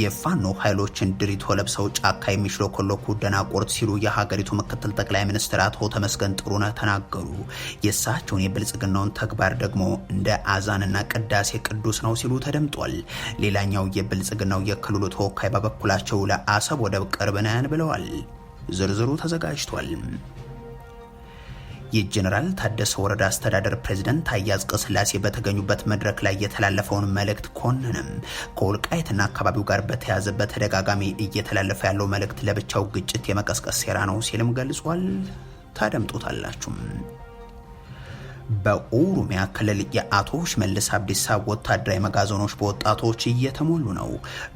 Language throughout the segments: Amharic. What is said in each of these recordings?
የፋኖ ኃይሎችን ድሪቶ ለብሰው ጫካ የሚሽለኮለኩ ደናቁርት ሲሉ የሀገሪቱ ምክትል ጠቅላይ ሚኒስትር አቶ ተመስገን ጥሩነህ ተናገሩ። የእሳቸውን የብልጽግናውን ተግባር ደግሞ እንደ አዛንና ቅዳሴ ቅዱስ ነው ሲሉ ተደምጧል። ሌላኛው የብልጽግናው የክልሉ ተወካይ በበኩላቸው ለአሰብ ወደብ ቅርብ ነን ብለዋል። ዝርዝሩ ተዘጋጅቷል። የጀነራል ታደሰ ወረዳ አስተዳደር ፕሬዝደንት አያዝ ቀስላሴ በተገኙበት መድረክ ላይ የተላለፈውን መልእክት ኮንንም ከወልቃይትና አካባቢው ጋር በተያያዘ በተደጋጋሚ እየተላለፈ ያለው መልእክት ለብቻው ግጭት የመቀስቀስ ሴራ ነው ሲልም ገልጿል። ታደምጡታላችሁም። በኦሮሚያ ክልል የአቶ ሽመልስ አብዲሳ ወታደራዊ መጋዘኖች በወጣቶች እየተሞሉ ነው።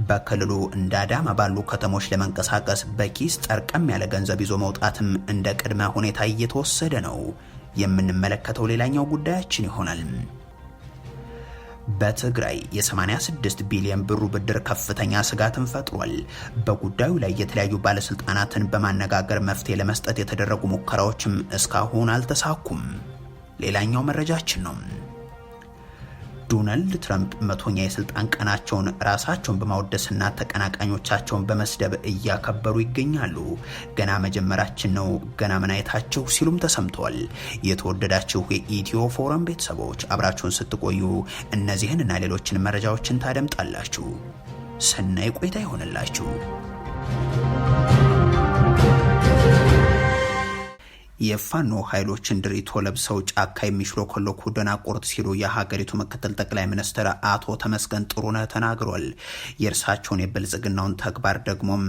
በክልሉ እንደ አዳማ ባሉ ከተሞች ለመንቀሳቀስ በኪስ ጠርቀም ያለ ገንዘብ ይዞ መውጣትም እንደ ቅድመ ሁኔታ እየተወሰደ ነው። የምንመለከተው ሌላኛው ጉዳያችን ይሆናል። በትግራይ የ86 ቢሊዮን ብሩ ብድር ከፍተኛ ስጋትን ፈጥሯል። በጉዳዩ ላይ የተለያዩ ባለስልጣናትን በማነጋገር መፍትሄ ለመስጠት የተደረጉ ሙከራዎችም እስካሁን አልተሳኩም። ሌላኛው መረጃችን ነው። ዶናልድ ትራምፕ መቶኛ የስልጣን ቀናቸውን ራሳቸውን በማወደስና ተቀናቃኞቻቸውን በመስደብ እያከበሩ ይገኛሉ። ገና መጀመራችን ነው፣ ገና መናየታቸው ሲሉም ተሰምቷል። የተወደዳችሁ የኢትዮ ፎረም ቤተሰቦች አብራችሁን ስትቆዩ እነዚህን እና ሌሎችን መረጃዎችን ታደምጣላችሁ። ሰናይ ቆይታ ይሆንላችሁ። የፋኖ ኃይሎችን ድሪቶ ለብሰው ጫካ የሚሽሎኮሎኩ ደናቁርት ሲሉ የሀገሪቱ ምክትል ጠቅላይ ሚኒስትር አቶ ተመስገን ጥሩነህ ተናግሯል። የእርሳቸውን የብልጽግናውን ተግባር ደግሞም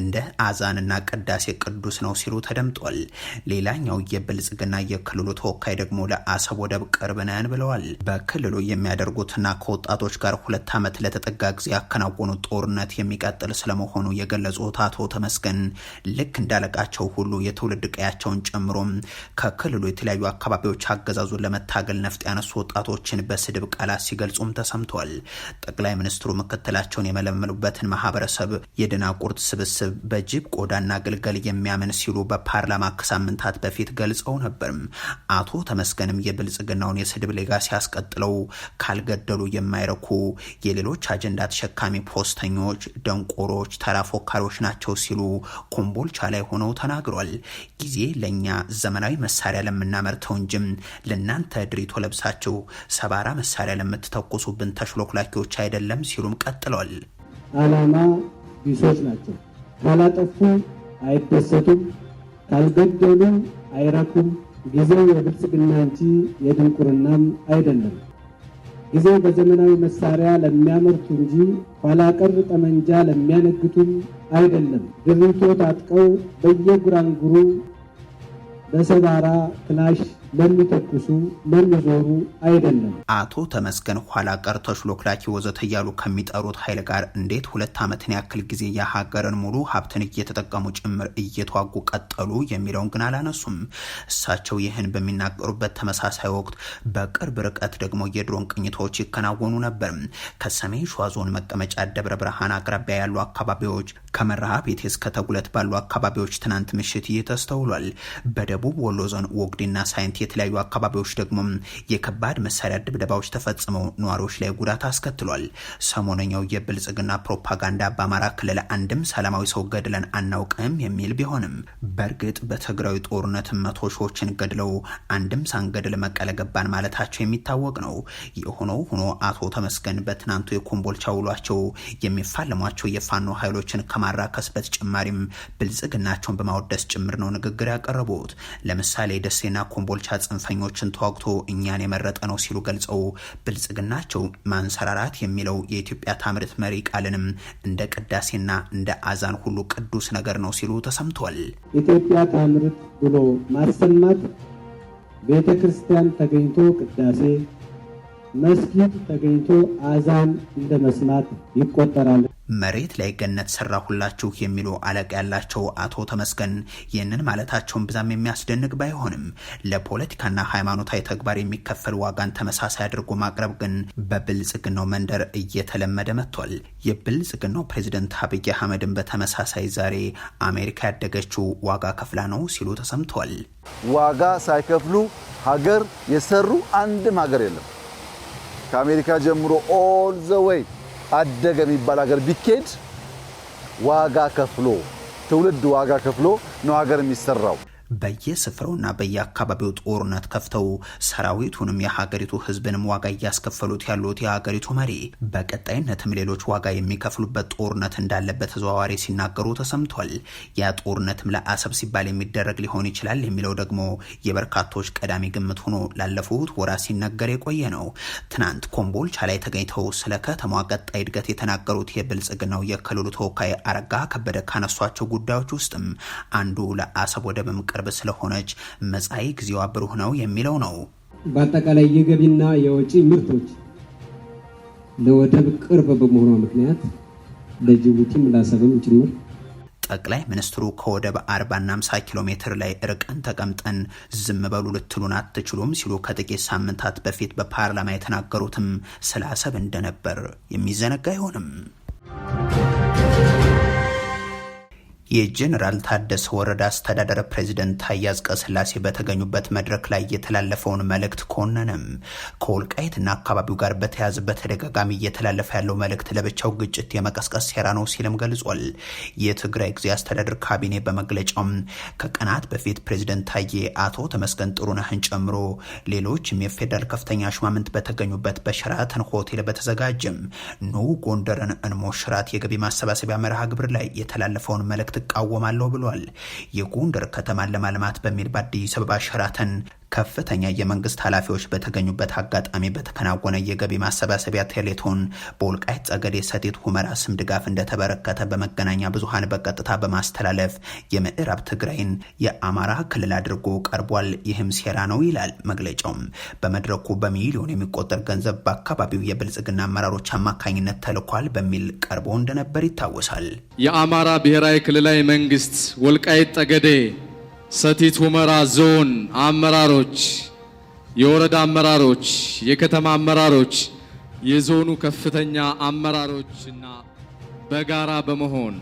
እንደ አዛንና ቅዳሴ ቅዱስ ነው ሲሉ ተደምጧል። ሌላኛው የብልጽግና የክልሉ ተወካይ ደግሞ ለአሰብ ወደብ ቅርብ ነን ብለዋል። በክልሉ የሚያደርጉትና ከወጣቶች ጋር ሁለት ዓመት ለተጠጋ ጊዜ ያከናወኑት ጦርነት የሚቀጥል ስለመሆኑ የገለጹት አቶ ተመስገን ልክ እንዳለቃቸው ሁሉ የትውልድ ቀያቸውን ጨምሮ ጨምሮ ከክልሉ የተለያዩ አካባቢዎች አገዛዙን ለመታገል ነፍጥ ያነሱ ወጣቶችን በስድብ ቃላት ሲገልጹም ተሰምተዋል። ጠቅላይ ሚኒስትሩ ምክትላቸውን የመለመሉበትን ማህበረሰብ ቁርት ስብስብ በጅብ ቆዳና ግልገል የሚያምን ሲሉ በፓርላማ ከሳምንታት በፊት ገልጸው ነበር። አቶ ተመስገንም የብልጽግናውን የስድብ ሌጋሲ ሲያስቀጥለው ካልገደሉ የማይረኩ የሌሎች አጀንዳ ተሸካሚ ፖስተኞች፣ ደንቆሮች፣ ተራ ፎካሪዎች ናቸው ሲሉ ኮምቦልቻ ላይ ሆነው ተናግሯል። ጊዜ ለእኛ ዘመናዊ መሳሪያ ለምናመርተው እንጂም ለእናንተ ድሪቶ ለብሳችሁ ሰባራ መሳሪያ ለምትተኩሱብን ተሽሎክላኪዎች አይደለም ሲሉም ቀጥለዋል። አላማ ቢሶች ናቸው። ካላጠፉ አይደሰቱም፣ ካልገደሉ አይረኩም። ጊዜው የብልጽግና እንጂ የድንቁርናም አይደለም። ጊዜው በዘመናዊ መሳሪያ ለሚያመርቱ እንጂ ኋላ ቀር ጠመንጃ ለሚያነግቱም አይደለም። ድሪቶ ታጥቀው በየጉራንጉሩ በሰባራ ክላሽ ለሚተኩሱ ለሚዞሩ አይደለም። አቶ ተመስገን ኋላ ቀር ተሽሎክላኪ ወዘተ እያሉ ከሚጠሩት ኃይል ጋር እንዴት ሁለት ዓመትን ያክል ጊዜ የሀገርን ሙሉ ሀብትን እየተጠቀሙ ጭምር እየተዋጉ ቀጠሉ የሚለውን ግን አላነሱም። እሳቸው ይህን በሚናገሩበት ተመሳሳይ ወቅት በቅርብ ርቀት ደግሞ የድሮን ቅኝቶች ይከናወኑ ነበር። ከሰሜን ሸዋ ዞን መቀመጫ ደብረ ብርሃን አቅራቢያ ያሉ አካባቢዎች ከመርሃ ቤቴ እስከ ተጉለት ባሉ አካባቢዎች ትናንት ምሽት ይህ ተስተውሏል። በደቡብ ወሎ ዞን ወግዴና ሳይንት የተለያዩ አካባቢዎች ደግሞ የከባድ መሳሪያ ድብደባዎች ተፈጽመው ነዋሪዎች ላይ ጉዳት አስከትሏል። ሰሞነኛው የብልጽግና ፕሮፓጋንዳ በአማራ ክልል አንድም ሰላማዊ ሰው ገድለን አናውቅም የሚል ቢሆንም በእርግጥ በትግራዊ ጦርነት መቶ ሺዎችን ገድለው አንድም ሳንገድል መቀለ ገባን ማለታቸው የሚታወቅ ነው። የሆነው ሆኖ አቶ ተመስገን በትናንቱ የኮምቦልቻ ውሏቸው የሚፋለሟቸው የፋኖ ኃይሎችን ከ ከማራከስ በተጨማሪም ብልጽግናቸውን በማወደስ ጭምር ነው ንግግር ያቀረቡት። ለምሳሌ ደሴና ኮምቦልቻ ጽንፈኞችን ተዋግቶ እኛን የመረጠ ነው ሲሉ ገልጸው ብልጽግናቸው ማንሰራራት የሚለው የኢትዮጵያ ታምርት መሪ ቃልንም እንደ ቅዳሴና እንደ አዛን ሁሉ ቅዱስ ነገር ነው ሲሉ ተሰምቷል። ኢትዮጵያ ታምርት ብሎ ማሰማት ቤተ ክርስቲያን ተገኝቶ ቅዳሴ መስጊድ ተገኝቶ አዛን እንደ መስማት ይቆጠራል። መሬት ላይ ገነት ሰራሁላችሁ የሚሉ አለቅ ያላቸው አቶ ተመስገን ይህንን ማለታቸውን ብዛም የሚያስደንቅ ባይሆንም ለፖለቲካና ሃይማኖታዊ ተግባር የሚከፈል ዋጋን ተመሳሳይ አድርጎ ማቅረብ ግን በብልጽግናው መንደር እየተለመደ መጥቷል። የብልጽግናው ፕሬዚደንት አብይ አህመድን በተመሳሳይ ዛሬ አሜሪካ ያደገችው ዋጋ ከፍላ ነው ሲሉ ተሰምተዋል። ዋጋ ሳይከፍሉ ሀገር የሰሩ አንድም ሀገር የለም። ከአሜሪካ ጀምሮ ኦል ዘ ዌይ አደገ የሚባል ሀገር ቢኬድ ዋጋ ከፍሎ ትውልድ ዋጋ ከፍሎ ነው ሀገር የሚሰራው። በየስፍራውና በየአካባቢው ጦርነት ከፍተው ሰራዊቱንም የሀገሪቱ ህዝብንም ዋጋ እያስከፈሉት ያሉት የሀገሪቱ መሪ በቀጣይነትም ሌሎች ዋጋ የሚከፍሉበት ጦርነት እንዳለበት ተዘዋዋሪ ሲናገሩ ተሰምቷል። ያ ጦርነትም ለአሰብ ሲባል የሚደረግ ሊሆን ይችላል የሚለው ደግሞ የበርካቶች ቀዳሚ ግምት ሆኖ ላለፉት ወራት ሲነገር የቆየ ነው። ትናንት ኮምቦልቻ ላይ ተገኝተው ስለ ከተማ ቀጣይ እድገት የተናገሩት የብልጽግናው የክልሉ ተወካይ አረጋ ከበደ ካነሷቸው ጉዳዮች ውስጥም አንዱ ለአሰብ ወደብ የምታቀርብ ስለሆነች መጻኢ ጊዜዋ ብሩህ ነው የሚለው ነው። በአጠቃላይ የገቢና የወጪ ምርቶች ለወደብ ቅርብ በመሆኗ ምክንያት ለጅቡቲም ላሰብም ጭምር ጠቅላይ ሚኒስትሩ ከወደብ 40ና 50 ኪሎ ሜትር ላይ ርቀን ተቀምጠን ዝም በሉ ልትሉን አትችሉም ሲሉ ከጥቂት ሳምንታት በፊት በፓርላማ የተናገሩትም ስለ አሰብ እንደነበር የሚዘነጋ አይሆንም። የጀነራል ታደሰ ወረዳ አስተዳደር ፕሬዚደንት ታዬ አጽቀሥላሴ በተገኙበት መድረክ ላይ የተላለፈውን መልእክት ኮነነም። ከወልቃይትና አካባቢው ጋር በተያያዘ በተደጋጋሚ እየተላለፈ ያለው መልእክት ለብቻው ግጭት የመቀስቀስ ሴራ ነው ሲልም ገልጿል። የትግራይ ጊዜያዊ አስተዳደር ካቢኔ በመግለጫውም ከቀናት በፊት ፕሬዚደንት ታዬ አቶ ተመስገን ጥሩነህን ጨምሮ ሌሎችም የፌዴራል ከፍተኛ ሹማምንት በተገኙበት በሸራተን ሆቴል በተዘጋጀም ኑ ጎንደርን እንሞሽራት የገቢ ማሰባሰቢያ መርሃ ግብር ላይ የተላለፈውን መልእክት እቃወማለሁ ብሏል። የጎንደር ከተማን ለማልማት በሚል በአዲስ አበባ ሸራተን ከፍተኛ የመንግስት ኃላፊዎች በተገኙበት አጋጣሚ በተከናወነ የገቢ ማሰባሰቢያ ቴሌቶን በወልቃይት ጸገዴ፣ ሰቲት ሁመራ ስም ድጋፍ እንደተበረከተ በመገናኛ ብዙሃን በቀጥታ በማስተላለፍ የምዕራብ ትግራይን የአማራ ክልል አድርጎ ቀርቧል። ይህም ሴራ ነው ይላል መግለጫውም። በመድረኩ በሚሊዮን የሚቆጠር ገንዘብ በአካባቢው የብልጽግና አመራሮች አማካኝነት ተልኳል በሚል ቀርቦ እንደነበር ይታወሳል። የአማራ ብሔራዊ ክልላዊ መንግስት ወልቃይት ጠገዴ ሰቲት ሁመራ ዞን አመራሮች፣ የወረዳ አመራሮች፣ የከተማ አመራሮች፣ የዞኑ ከፍተኛ አመራሮችና በጋራ በመሆን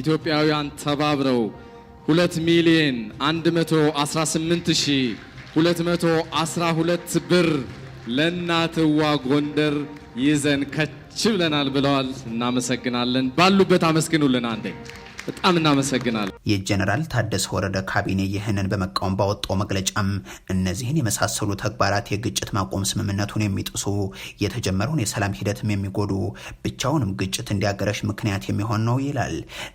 ኢትዮጵያውያን ተባብረው 2 ሚሊዮን 212 ብር ለእናትዋ ጎንደር ይዘን ከች ብለናል ብለዋል። እናመሰግናለን። ባሉበት አመስግኑልን። አንዴ በጣም እናመሰግናለን። የጀነራል ታደሰ ወረደ ካቢኔ ይህንን በመቃወም ባወጣው መግለጫም እነዚህን የመሳሰሉ ተግባራት የግጭት ማቆም ስምምነቱን የሚጥሱ የተጀመረውን የሰላም ሂደትም የሚጎዱ ብቻውንም ግጭት እንዲያገረሽ ምክንያት የሚሆን ነው ይላል።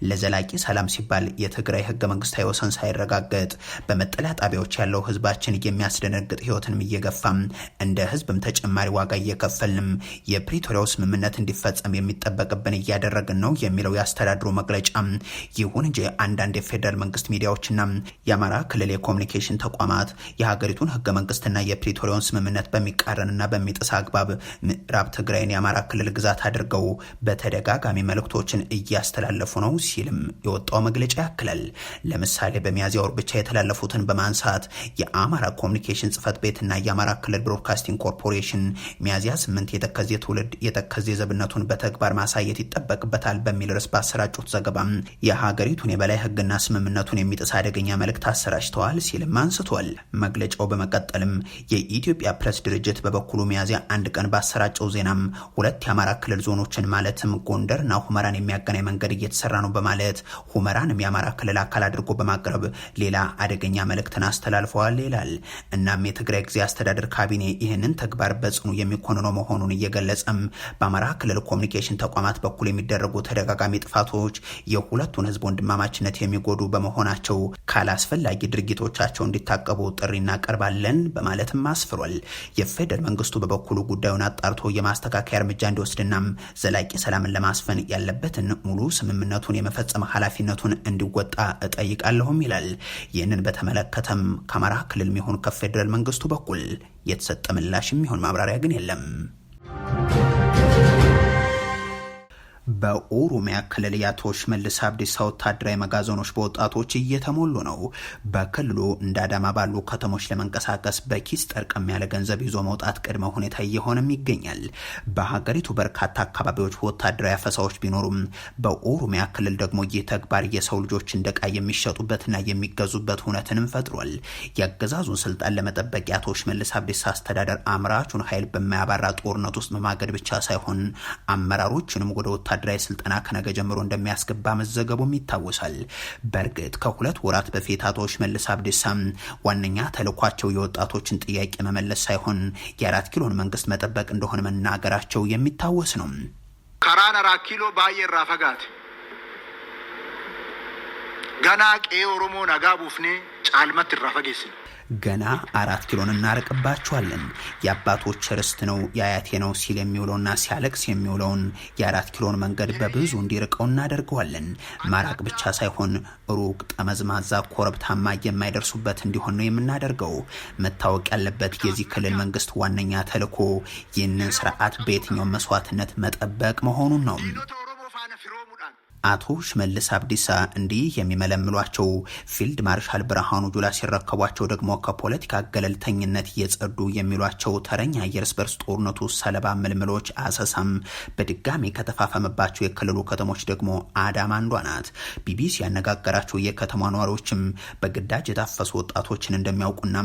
ለዘላቂ ሰላም ሲባል የትግራይ ህገ መንግስታዊ ወሰን ሳይረጋገጥ በመጠለያ ጣቢያዎች ያለው ህዝባችን የሚያስደነግጥ ህይወትንም እየገፋም እንደ ህዝብም ተጨማሪ ዋጋ እየከፈልንም የፕሪቶሪያው ስምምነት እንዲፈጸም የሚጠበቅብን እያደረግን ነው የሚለው የአስተዳድሩ መግለጫ ይሁን እንጂ አንዳንድ የፌዴራል መንግስት ሚዲያዎችና የአማራ ክልል የኮሚኒኬሽን ተቋማት የሀገሪቱን ህገ መንግስትና የፕሪቶሪያውን ስምምነት በሚቃረንና በሚጥስ አግባብ ምዕራብ ትግራይን የአማራ ክልል ግዛት አድርገው በተደጋጋሚ መልእክቶችን እያስተላለፉ ነው ሲልም የወጣው መግለጫ ያክላል። ለምሳሌ በሚያዝያ ወር ብቻ የተላለፉትን በማንሳት የአማራ ኮሚኒኬሽን ጽህፈት ቤትና የአማራ ክልል ብሮድካስቲንግ ኮርፖሬሽን ሚያዝያ ስምንት የተከዜ ትውልድ የተከዜ ዘብነቱን በተግባር ማሳየት ይጠበቅበታል በሚል ርዕስ ባሰራጩት ዘገባ የሀገሪቱን የበላይ ህግና የሰላምና ስምምነቱን የሚጥስ አደገኛ መልእክት አሰራጭተዋል ሲልም አንስቷል። መግለጫው በመቀጠልም የኢትዮጵያ ፕሬስ ድርጅት በበኩሉ ሚያዝያ አንድ ቀን ባሰራጨው ዜናም ሁለት የአማራ ክልል ዞኖችን ማለትም ጎንደርና ሁመራን የሚያገናኝ መንገድ እየተሰራ ነው በማለት ሁመራንም የአማራ ክልል አካል አድርጎ በማቅረብ ሌላ አደገኛ መልእክትን አስተላልፈዋል ይላል። እናም የትግራይ ጊዜ አስተዳደር ካቢኔ ይህንን ተግባር በጽኑ የሚኮንነው መሆኑን እየገለጸም በአማራ ክልል ኮሚኒኬሽን ተቋማት በኩል የሚደረጉ ተደጋጋሚ ጥፋቶች የሁለቱን ህዝብ ወንድማማችነት የሚ የሚጎዱ በመሆናቸው ካላስፈላጊ ድርጊቶቻቸው እንዲታቀቡ ጥሪ እናቀርባለን በማለትም አስፍሯል። የፌደራል መንግስቱ በበኩሉ ጉዳዩን አጣርቶ የማስተካከያ እርምጃ እንዲወስድናም ዘላቂ ሰላምን ለማስፈን ያለበትን ሙሉ ስምምነቱን የመፈጸም ኃላፊነቱን እንዲወጣ እጠይቃለሁም ይላል። ይህንን በተመለከተም ከአማራ ክልል የሚሆን ከፌዴራል መንግስቱ በኩል የተሰጠ ምላሽ የሚሆን ማብራሪያ ግን የለም። በኦሮሚያ ክልል የአቶ ሽመልስ አብዲሳ ወታደራዊ መጋዘኖች በወጣቶች እየተሞሉ ነው። በክልሉ እንደ አዳማ ባሉ ከተሞች ለመንቀሳቀስ በኪስ ጠርቀም ያለ ገንዘብ ይዞ መውጣት ቅድመ ሁኔታ እየሆነም ይገኛል። በሀገሪቱ በርካታ አካባቢዎች ወታደራዊ አፈሳዎች ቢኖሩም በኦሮሚያ ክልል ደግሞ ይህ ተግባር የሰው ልጆች እንደ እንደቃ የሚሸጡበትና የሚገዙበት ሁነትንም ፈጥሯል። የአገዛዙን ስልጣን ለመጠበቅ የአቶ ሽመልስ አብዲሳ አስተዳደር አምራቹን ኃይል በማያባራ ጦርነት ውስጥ መማገድ ብቻ ሳይሆን አመራሮችንም ወደ ወታደ ወታደራዊ ስልጠና ከነገ ጀምሮ እንደሚያስገባ መዘገቡም ይታወሳል። በእርግጥ ከሁለት ወራት በፊት አቶ ሽመልስ አብዲሳ ዋነኛ ተልኳቸው የወጣቶችን ጥያቄ መመለስ ሳይሆን የአራት ኪሎን መንግስት መጠበቅ እንደሆነ መናገራቸው የሚታወስ ነው። ከራን አራት ኪሎ ባየራ ፈጋት ገና ቄ ኦሮሞ ነጋ ቡፍኔ ጫልመት ይራ ገና አራት ኪሎን እናርቅባቸዋለን የአባቶች ርስት ነው የአያቴ ነው ሲል የሚውለውና ሲያለቅስ የሚውለውን የአራት ኪሎን መንገድ በብዙ እንዲርቀው እናደርገዋለን። ማራቅ ብቻ ሳይሆን ሩቅ ጠመዝማዛ፣ ኮረብታማ የማይደርሱበት እንዲሆን ነው የምናደርገው። መታወቅ ያለበት የዚህ ክልል መንግስት ዋነኛ ተልዕኮ ይህንን ስርዓት በየትኛው መስዋዕትነት መጠበቅ መሆኑን ነው። አቶ ሽመልስ አብዲሳ እንዲህ የሚመለምሏቸው ፊልድ ማርሻል ብርሃኑ ጁላ ሲረከቧቸው ደግሞ ከፖለቲካ ገለልተኝነት እየጸዱ የሚሏቸው ተረኛ የእርስ በርስ ጦርነቱ ሰለባ ምልምሎች አሰሳም በድጋሚ ከተፋፈመባቸው የክልሉ ከተሞች ደግሞ አዳማ አንዷ ናት። ቢቢሲ ያነጋገራቸው የከተማ ነዋሪዎችም በግዳጅ የታፈሱ ወጣቶችን እንደሚያውቁና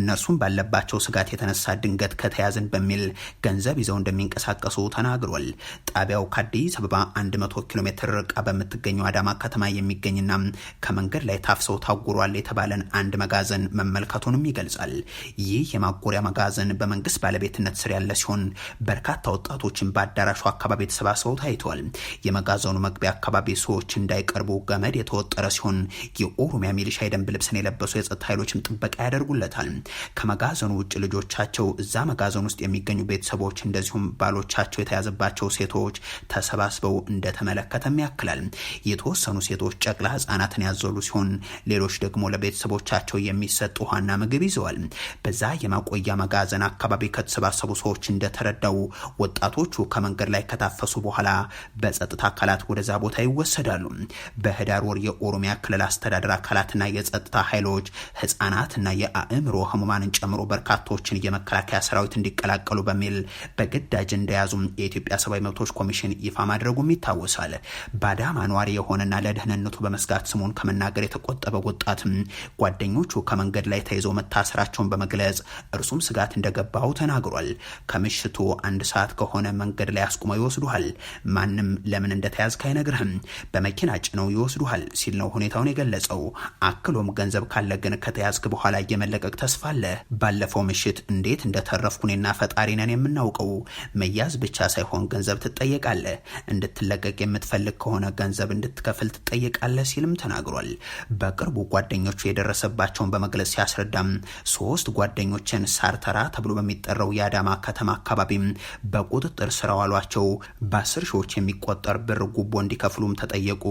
እነርሱም ባለባቸው ስጋት የተነሳ ድንገት ከተያዝን በሚል ገንዘብ ይዘው እንደሚንቀሳቀሱ ተናግሯል። ጣቢያው ከአዲስ አበባ 100 ኪሎ ሜትር ርቃ በምትገኘው አዳማ ከተማ የሚገኝና ከመንገድ ላይ ታፍሰው ታጉሯል የተባለን አንድ መጋዘን መመልከቱንም ይገልጻል። ይህ የማጎሪያ መጋዘን በመንግስት ባለቤትነት ስር ያለ ሲሆን በርካታ ወጣቶችን በአዳራሹ አካባቢ ተሰባስበው ታይተዋል። የመጋዘኑ መግቢያ አካባቢ ሰዎች እንዳይቀርቡ ገመድ የተወጠረ ሲሆን የኦሮሚያ ሚሊሻ የደንብ ልብስን የለበሱ የጸጥታ ኃይሎችም ጥበቃ ያደርጉለታል። ከመጋዘኑ ውጭ ልጆቻቸው እዛ መጋዘን ውስጥ የሚገኙ ቤተሰቦች እንደዚሁም ባሎቻቸው የተያዘባቸው ሴቶች ተሰባስበው እንደተመለከተም ያክላል። ይገኛል። የተወሰኑ ሴቶች ጨቅላ ህጻናትን ያዘሉ ሲሆን፣ ሌሎች ደግሞ ለቤተሰቦቻቸው የሚሰጥ ውሃና ምግብ ይዘዋል። በዛ የማቆያ መጋዘን አካባቢ ከተሰባሰቡ ሰዎች እንደተረዳው ወጣቶቹ ከመንገድ ላይ ከታፈሱ በኋላ በጸጥታ አካላት ወደዛ ቦታ ይወሰዳሉ። በህዳር ወር የኦሮሚያ ክልል አስተዳደር አካላትና የጸጥታ ኃይሎች ህጻናትና የአእምሮ ህሙማንን ጨምሮ በርካቶችን የመከላከያ ሰራዊት እንዲቀላቀሉ በሚል በግዳጅ እንደያዙም የኢትዮጵያ ሰብአዊ መብቶች ኮሚሽን ይፋ ማድረጉም ይታወሳል። የአዳማ ነዋሪ የሆነና ለደህንነቱ በመስጋት ስሙን ከመናገር የተቆጠበ ወጣትም ጓደኞቹ ከመንገድ ላይ ተይዘው መታሰራቸውን በመግለጽ እርሱም ስጋት እንደገባው ተናግሯል። ከምሽቱ አንድ ሰዓት ከሆነ መንገድ ላይ አስቁመው ይወስዱሃል። ማንም ለምን እንደተያዝክ አይነግርህም። በመኪና ጭነው ይወስዱሃል ሲል ነው ሁኔታውን የገለጸው። አክሎም ገንዘብ ካለ ግን ከተያዝክ በኋላ የመለቀቅ ተስፋ አለ። ባለፈው ምሽት እንዴት እንደተረፍኩኔና ፈጣሪ ነን የምናውቀው። መያዝ ብቻ ሳይሆን ገንዘብ ትጠየቃለህ። እንድትለቀቅ የምትፈልግ ከሆነ ገንዘብ እንድትከፍል ትጠየቃለህ ሲልም ተናግሯል። በቅርቡ ጓደኞቹ የደረሰባቸውን በመግለጽ ሲያስረዳም ሶስት ጓደኞችን ሳርተራ ተብሎ በሚጠራው የአዳማ ከተማ አካባቢ በቁጥጥር ስር አዋሏቸው። በአስር ሺዎች የሚቆጠር ብር ጉቦ እንዲከፍሉም ተጠየቁ።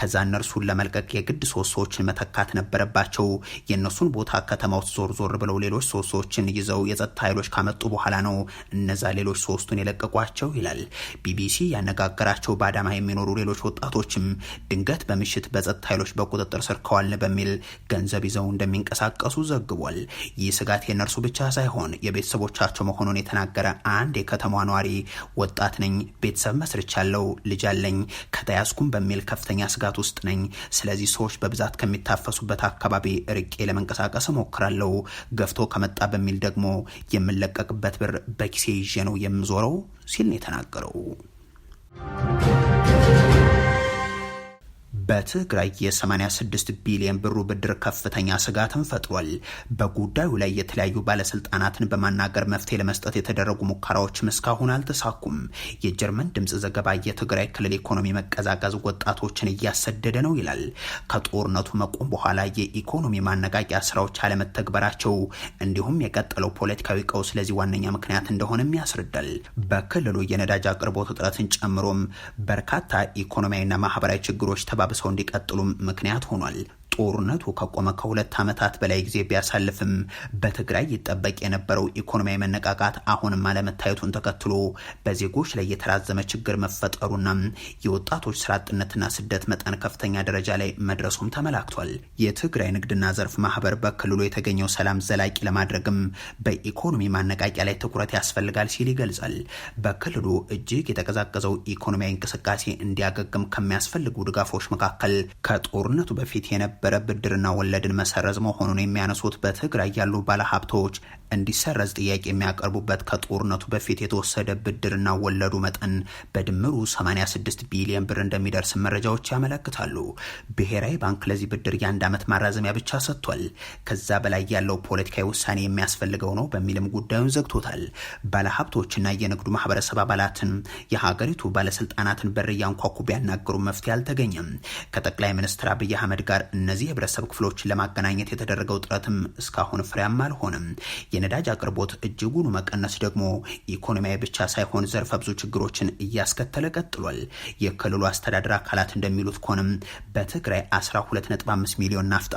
ከዛ እነርሱን ለመልቀቅ የግድ ሶስት ሰዎችን መተካት ነበረባቸው። የእነሱን ቦታ ከተማ ውስጥ ዞር ዞር ብለው ሌሎች ሶስት ሰዎችን ይዘው የጸጥታ ኃይሎች ካመጡ በኋላ ነው እነዛ ሌሎች ሶስቱን የለቀቋቸው ይላል። ቢቢሲ ያነጋገራቸው በአዳማ የሚኖሩ ሌሎች ወጣ ወጣቶችም ድንገት በምሽት በጸጥታ ኃይሎች በቁጥጥር ስር ከዋለ በሚል ገንዘብ ይዘው እንደሚንቀሳቀሱ ዘግቧል። ይህ ስጋት የእነርሱ ብቻ ሳይሆን የቤተሰቦቻቸው መሆኑን የተናገረ አንድ የከተማ ነዋሪ ወጣት ነኝ፣ ቤተሰብ መስርቻለሁ፣ ልጅ አለኝ፣ ከተያዝኩም በሚል ከፍተኛ ስጋት ውስጥ ነኝ። ስለዚህ ሰዎች በብዛት ከሚታፈሱበት አካባቢ ርቄ ለመንቀሳቀስ እሞክራለሁ። ገፍቶ ከመጣ በሚል ደግሞ የምለቀቅበት ብር በኪሴ ይዤ ነው የምዞረው ሲል ነው የተናገረው። በትግራይ የ86 ቢሊዮን ብሩ ብድር ከፍተኛ ስጋትን ፈጥሯል። በጉዳዩ ላይ የተለያዩ ባለስልጣናትን በማናገር መፍትሄ ለመስጠት የተደረጉ ሙከራዎችም እስካሁን አልተሳኩም። የጀርመን ድምፅ ዘገባ የትግራይ ክልል ኢኮኖሚ መቀዛቀዝ ወጣቶችን እያሰደደ ነው ይላል። ከጦርነቱ መቆም በኋላ የኢኮኖሚ ማነቃቂያ ስራዎች አለመተግበራቸው እንዲሁም የቀጠለው ፖለቲካዊ ቀውስ ለዚህ ዋነኛ ምክንያት እንደሆነም ያስረዳል። በክልሉ የነዳጅ አቅርቦት እጥረትን ጨምሮም በርካታ ኢኮኖሚያዊና ማህበራዊ ችግሮች ተባብ ተባብሰው እንዲቀጥሉም ምክንያት ሆኗል። ጦርነቱ ከቆመ ከሁለት ዓመታት በላይ ጊዜ ቢያሳልፍም በትግራይ ይጠበቅ የነበረው ኢኮኖሚያዊ መነቃቃት አሁንም አለመታየቱን ተከትሎ በዜጎች ላይ የተራዘመ ችግር መፈጠሩና የወጣቶች ስራ አጥነትና ስደት መጠን ከፍተኛ ደረጃ ላይ መድረሱም ተመላክቷል። የትግራይ ንግድና ዘርፍ ማህበር በክልሉ የተገኘው ሰላም ዘላቂ ለማድረግም በኢኮኖሚ ማነቃቂያ ላይ ትኩረት ያስፈልጋል ሲል ይገልጻል። በክልሉ እጅግ የተቀዛቀዘው ኢኮኖሚያዊ እንቅስቃሴ እንዲያገግም ከሚያስፈልጉ ድጋፎች መካከል ከጦርነቱ በፊት የነበ የነበረ ብድርና ወለድን መሰረዝ መሆኑን የሚያነሱት በትግራይ ያሉ ባለሀብቶች እንዲሰረዝ ጥያቄ የሚያቀርቡበት ከጦርነቱ በፊት የተወሰደ ብድርና ወለዱ መጠን በድምሩ 86 ቢሊዮን ብር እንደሚደርስ መረጃዎች ያመለክታሉ። ብሔራዊ ባንክ ለዚህ ብድር የአንድ ዓመት ማራዘሚያ ብቻ ሰጥቷል። ከዛ በላይ ያለው ፖለቲካዊ ውሳኔ የሚያስፈልገው ነው በሚልም ጉዳዩን ዘግቶታል። ባለሀብቶችና የንግዱ ማህበረሰብ አባላትን የሀገሪቱ ባለስልጣናትን በር እያንኳኩ ቢያናገሩ መፍትሄ አልተገኘም። ከጠቅላይ ሚኒስትር አብይ አህመድ ጋር እነዚህ የህብረተሰብ ክፍሎችን ለማገናኘት የተደረገው ጥረትም እስካሁን ፍሬያም አልሆንም የነዳጅ አቅርቦት እጅጉን መቀነስ ደግሞ ኢኮኖሚያዊ ብቻ ሳይሆን ዘርፈ ብዙ ችግሮችን እያስከተለ ቀጥሏል። የክልሉ አስተዳደር አካላት እንደሚሉት ከሆነም በትግራይ 12.5 ሚሊዮን ናፍጣ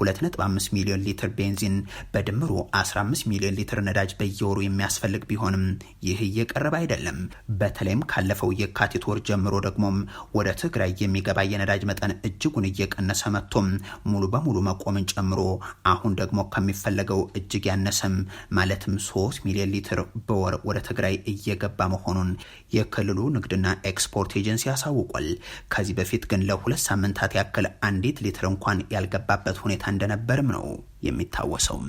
2.5 ሚሊዮን ሊትር ቤንዚን በድምሩ 15 ሚሊዮን ሊትር ነዳጅ በየወሩ የሚያስፈልግ ቢሆንም ይህ እየቀረበ አይደለም። በተለይም ካለፈው የካቲት ወር ጀምሮ ደግሞም ወደ ትግራይ የሚገባ የነዳጅ መጠን እጅጉን እየቀነሰ መጥቶም ሙሉ በሙሉ መቆምን ጨምሮ አሁን ደግሞ ከሚፈለገው እጅግ ያነሰም ማለትም ሶስት ሚሊዮን ሊትር በወር ወደ ትግራይ እየገባ መሆኑን የክልሉ ንግድና ኤክስፖርት ኤጀንሲ አሳውቋል። ከዚህ በፊት ግን ለሁለት ሳምንታት ያክል አንዲት ሊትር እንኳን ያልገባበት ሁኔታ እንደነበርም ነው የሚታወሰው።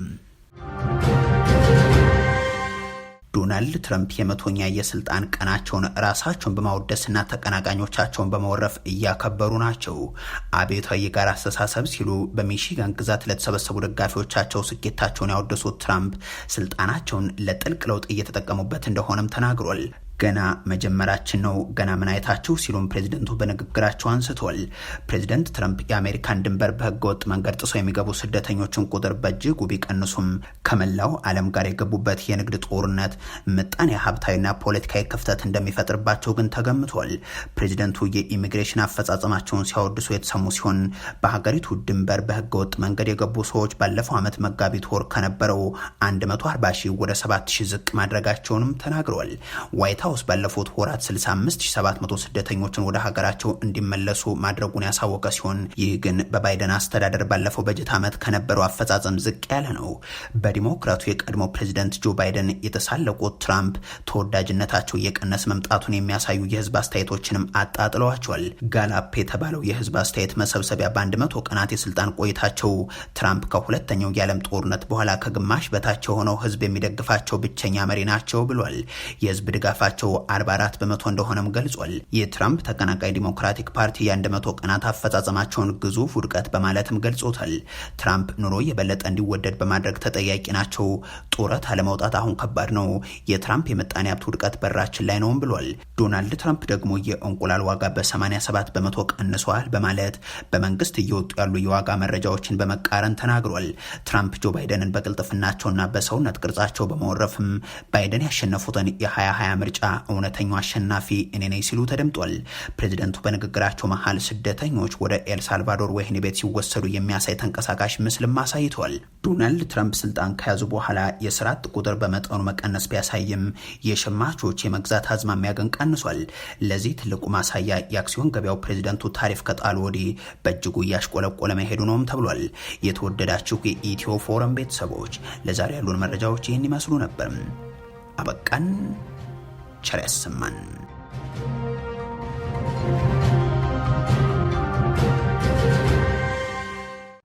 ዶናልድ ትረምፕ የመቶኛ የስልጣን ቀናቸውን ራሳቸውን በማወደስና ተቀናቃኞቻቸውን በመወረፍ እያከበሩ ናቸው። አቤታዊ የጋራ አስተሳሰብ ሲሉ በሚሺጋን ግዛት ለተሰበሰቡ ደጋፊዎቻቸው ስኬታቸውን ያወደሱት ትራምፕ ስልጣናቸውን ለጥልቅ ለውጥ እየተጠቀሙበት እንደሆነም ተናግሯል። ገና መጀመራችን ነው፣ ገና ምን አይታችሁ ሲሉም ፕሬዚደንቱ በንግግራቸው አንስቷል። ፕሬዚደንት ትረምፕ የአሜሪካን ድንበር በህገወጥ መንገድ ጥሰው የሚገቡ ስደተኞችን ቁጥር በእጅጉ ቢቀንሱም ከመላው ዓለም ጋር የገቡበት የንግድ ጦርነት ምጣኔ ሀብታዊና ፖለቲካዊ ክፍተት እንደሚፈጥርባቸው ግን ተገምቷል። ፕሬዚደንቱ የኢሚግሬሽን አፈጻጸማቸውን ሲያወድሱ የተሰሙ ሲሆን በሀገሪቱ ድንበር በህገወጥ መንገድ የገቡ ሰዎች ባለፈው ዓመት መጋቢት ወር ከነበረው 140 ሺህ ወደ 7 ሺህ ዝቅ ማድረጋቸውንም ተናግረዋል። ዋይታ ውስጥ ባለፉት ወራት 65700 ስደተኞችን ወደ ሀገራቸው እንዲመለሱ ማድረጉን ያሳወቀ ሲሆን ይህ ግን በባይደን አስተዳደር ባለፈው በጀት ዓመት ከነበረው አፈጻጸም ዝቅ ያለ ነው። በዲሞክራቱ የቀድሞ ፕሬዚደንት ጆ ባይደን የተሳለቁት ትራምፕ ተወዳጅነታቸው እየቀነስ መምጣቱን የሚያሳዩ የህዝብ አስተያየቶችንም አጣጥለዋቸዋል። ጋላፕ የተባለው የህዝብ አስተያየት መሰብሰቢያ በአንድ መቶ ቀናት የስልጣን ቆይታቸው ትራምፕ ከሁለተኛው የዓለም ጦርነት በኋላ ከግማሽ በታች ሆነው ህዝብ የሚደግፋቸው ብቸኛ መሪ ናቸው ብሏል። የህዝብ ድጋፋቸው ያላቸው 44 በመቶ እንደሆነም ገልጿል። የትራምፕ ተቀናቃይ ዲሞክራቲክ ፓርቲ የ100 ቀናት አፈጻጸማቸውን ግዙፍ ውድቀት በማለትም ገልጾታል። ትራምፕ ኑሮ የበለጠ እንዲወደድ በማድረግ ተጠያቂ ናቸው፣ ጡረታ ለመውጣት አሁን ከባድ ነው፣ የትራምፕ የምጣኔ ሀብት ውድቀት በራችን ላይ ነውም ብሏል። ዶናልድ ትራምፕ ደግሞ የእንቁላል ዋጋ በ87 በመቶ ቀንሷል በማለት በመንግስት እየወጡ ያሉ የዋጋ መረጃዎችን በመቃረን ተናግሯል። ትራምፕ ጆ ባይደንን በቅልጥፍናቸውና በሰውነት ቅርጻቸው በመወረፍም ባይደን ያሸነፉትን የ2020 ምርጫ እውነተኛው አሸናፊ እኔ ነኝ ሲሉ ተደምጧል። ፕሬዚደንቱ በንግግራቸው መሀል ስደተኞች ወደ ኤልሳልቫዶር ወህኒ ቤት ሲወሰዱ የሚያሳይ ተንቀሳቃሽ ምስልም አሳይተዋል። ዶናልድ ትራምፕ ስልጣን ከያዙ በኋላ የስራ አጥ ቁጥር በመጠኑ መቀነስ ቢያሳይም የሸማቾች የመግዛት አዝማሚያ ግን ቀንሷል። ለዚህ ትልቁ ማሳያ የአክሲዮን ገበያው ፕሬዚደንቱ ታሪፍ ከጣሉ ወዲህ በእጅጉ እያሽቆለቆለ መሄዱ ነውም ተብሏል። የተወደዳችሁ የኢትዮ ፎረም ቤተሰቦች ለዛሬ ያሉን መረጃዎች ይህን ይመስሉ ነበር። አበቃን። ቸር ያሰማን።